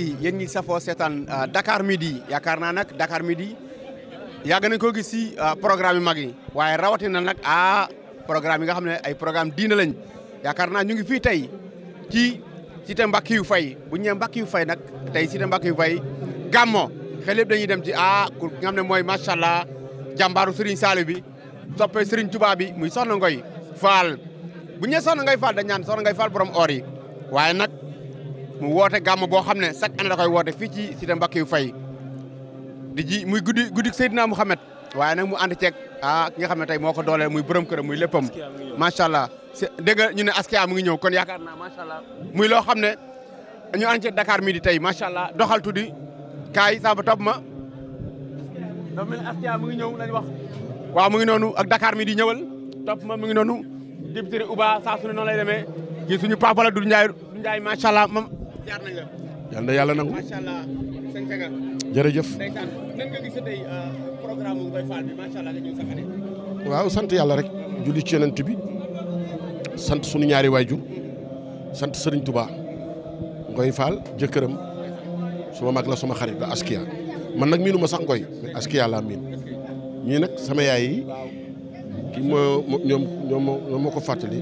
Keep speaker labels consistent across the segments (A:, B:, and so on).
A: yéen ñi safoo seetaan euh, Dakar midi yaakaar naa nak Dakar midi yàgg nañ ko gis si euh, programme yu mag yi waaye rawatina nag ah programme yi nga xam ne ay programme diina lañ yaakaar naa ñu ngi fii tey ci cité Mbackiyou fay bu ñu nee Mbackiyou Faye nag si cité Mbackiyou Faye gàmmo xel yëpp dañuy dem ci ah ku nga xam ne mooy macha allah jàmbaaru Serigne Saliou bi soppee Serigne Touba bi muy Soxna Ngoy Fall bu ñu nee Soxna Ngoy Fall dañ ñaan Soxna Ngoy Fall borom mu woote gàmm boo xam ne chaque année da koy woote fii ci cité Mbacke fay di ji muy guddi guddi Seydina Mouhamed waaye nag mu ànd ceeg ah ki nga xam ne tey moo ko doole muy borom këram muy léppam macha allah dégg nga ñu ne askia mu ngi ñëw kon yakaar naa macha allah muy loo xam ne ñu ànd ceeg Dakar mii di tey macha allah doxal tuddi kaay samba topp ma dafa mel mu ngi ñëw lañ wax waaw mu ngi noonu ak Dakar mii di ñëwal topp ma mu ngi noonu député Uba saa su ne noonu lay jaar yàlla nangu. macha allah
B: euh, waaw sant yàlla rek. julli ci bi sant sunu ñaari waajur sant Serigne Touba Ngoy Fall jëkkëram suma mag la sama xarit la askiya man nag miinu ma sax Ngoy mais askiya laa miin ñii nag sama yaay yi kii moo ñoom ñoom moo ko fàttali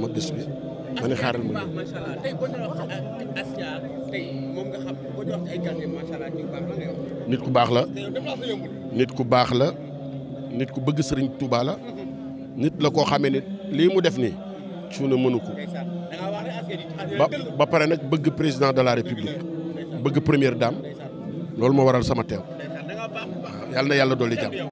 B: ma bés bi. ma xaaral ma nit ku baax la. nit ku baax la. nit ku bëgg sëriñ Touba la. nit la koo xamee ne lii mu def nii ne mënu ko. ba ba pare nag bëgg président de la république. bëgg première dame. loolu moo waral sama teem waaw yàlla na yàlla dolli jàmm.